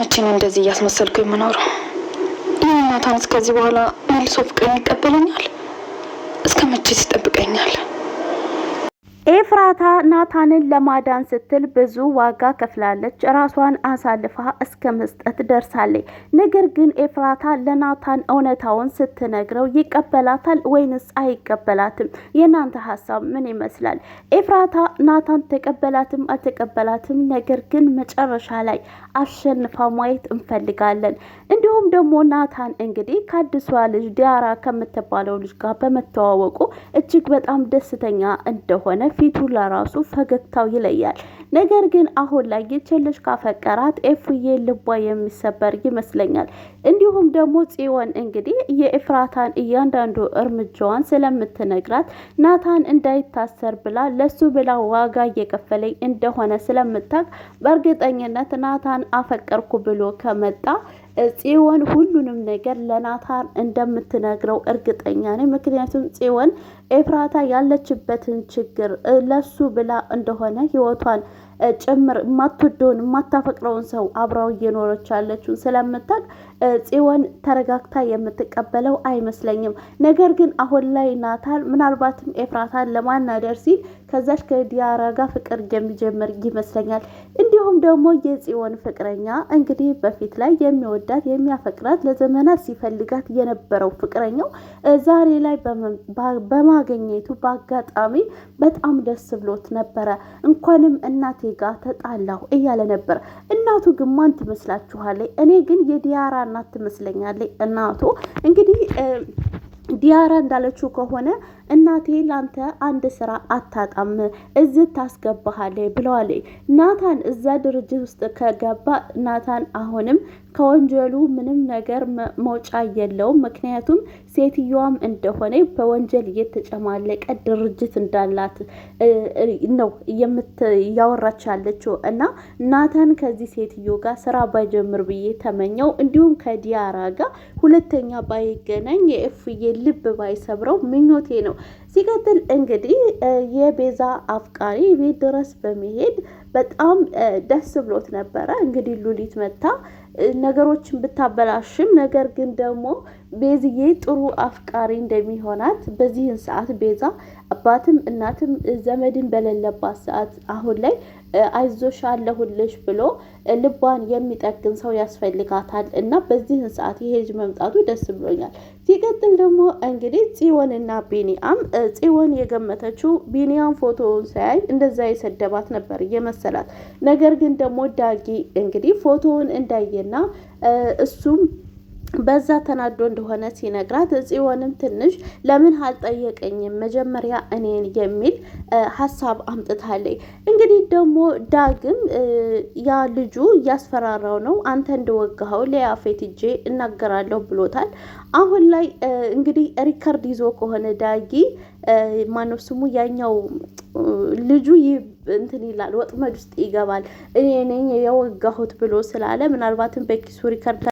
መቼ ነው እንደዚህ እያስመሰልኩ የምኖረው? ይህ ናታንስ ከዚህ በኋላ መልሶ ፍቅርን ይቀበለኛል? እስከ መቼ ሲጠብቅ ናታ ናታንን ለማዳን ስትል ብዙ ዋጋ ከፍላለች። ራሷን አሳልፋ እስከ መስጠት ደርሳለች። ነገር ግን ኤፍራታ ለናታን እውነታውን ስትነግረው ይቀበላታል ወይንስ አይቀበላትም? የእናንተ ሀሳብ ምን ይመስላል? ኤፍራታ ናታን ተቀበላትም አልተቀበላትም፣ ነገር ግን መጨረሻ ላይ አሸንፋ ማየት እንፈልጋለን። እንዲሁም ደግሞ ናታን እንግዲህ ከአዲሷ ልጅ ዲያራ ከምትባለው ልጅ ጋር በመተዋወቁ እጅግ በጣም ደስተኛ እንደሆነ ፊቱ ለራሱ ፈገግታው ይለያል። ነገር ግን አሁን ላይ ይችልሽ ካፈቀራት ኤፍዬ ልቧ የሚሰበር ይመስለኛል። እንዲሁም ደግሞ ጽዮን እንግዲህ የኤፍራታን እያንዳንዱ እርምጃዋን ስለምትነግራት ናታን እንዳይታሰር ብላ ለሱ ብላ ዋጋ እየከፈለኝ እንደሆነ ስለምታቅ በእርግጠኝነት ናታን አፈቀርኩ ብሎ ከመጣ ጽዮን ሁሉንም ነገር ለናታን እንደምትነግረው እርግጠኛ ነኝ። ምክንያቱም ጽዮን ኤፍራታ ያለችበትን ችግር ለሱ ብላ እንደሆነ ህይወቷን ጭምር የማትወደውን የማታፈቅረውን ሰው አብራው እየኖረች ያለችውን ስለምታቅ። ጽዮን ተረጋግታ የምትቀበለው አይመስለኝም። ነገር ግን አሁን ላይ ናታል ምናልባትም ኤፍራታን ለማናደር ሲል ከዛች ከዲያራ ጋር ፍቅር የሚጀምር ይመስለኛል። እንዲሁም ደግሞ የጽዮን ፍቅረኛ እንግዲህ በፊት ላይ የሚወዳት የሚያፈቅራት ለዘመናት ሲፈልጋት የነበረው ፍቅረኛው ዛሬ ላይ በማገኘቱ በአጋጣሚ በጣም ደስ ብሎት ነበረ። እንኳንም እናቴ ጋር ተጣላሁ እያለ ነበር። እናቱ ግን ማን ትመስላችኋለች? እኔ ግን የዲያራ እናት ትመስለኛለች እናቱ እንግዲህ ዲያራ እንዳለችው ከሆነ እናቴ ላንተ አንድ ስራ አታጣም እዚህ ታስገባሃለች ብለዋል። ናታን እዛ ድርጅት ውስጥ ከገባ ናታን አሁንም ከወንጀሉ ምንም ነገር መውጫ የለውም። ምክንያቱም ሴትዮዋም እንደሆነ በወንጀል እየተጨማለቀ ድርጅት እንዳላት ነው እያወራች ያለችው እና ናታን ከዚህ ሴትዮ ጋር ስራ ባይጀምር ብዬ ተመኘው። እንዲሁም ከዲያራ ጋር ሁለተኛ ባይገናኝ የእፍዬ ልብ ባይሰብረው ምኞቴ ነው። ሲቀጥል እንግዲህ የቤዛ አፍቃሪ ቤት ድረስ በመሄድ በጣም ደስ ብሎት ነበረ። እንግዲህ ሉሊት መታ ነገሮችን ብታበላሽም ነገር ግን ደግሞ ቤዝዬ ጥሩ አፍቃሪ እንደሚሆናት በዚህን ሰዓት ቤዛ አባትም እናትም ዘመድን በሌለባት ሰዓት አሁን ላይ አይዞሽ አለሁልሽ ብሎ ልቧን የሚጠግን ሰው ያስፈልጋታል እና በዚህን ሰዓት ይሄ ልጅ መምጣቱ ደስ ብሎኛል። ሲቀጥል ደግሞ እንግዲህ እና ቢኒያም ጽዮን የገመተችው ቢኒያም ፎቶውን ሳያይ እንደዛ የሰደባት ነበር እየመሰላት ነገር ግን ደግሞ ዳጊ እንግዲህ ፎቶውን እንዳየና እሱም በዛ ተናዶ እንደሆነ ሲነግራት ጽዮንም ትንሽ ለምን አልጠየቀኝም መጀመሪያ እኔን የሚል ሀሳብ አምጥታለይ። እንግዲህ ደግሞ ዳግም ያ ልጁ እያስፈራራው ነው። አንተ እንደወጋኸው ለያፌት እጄ እናገራለሁ ብሎታል። አሁን ላይ እንግዲህ ሪከርድ ይዞ ከሆነ ዳጊ ማነው ስሙ ያኛው ልጁ ይህ እንትን ይላል፣ ወጥመድ ውስጥ ይገባል። እኔ ነኝ የወጋሁት ብሎ ስላለ ምናልባትም በኪሱ ሪከርድ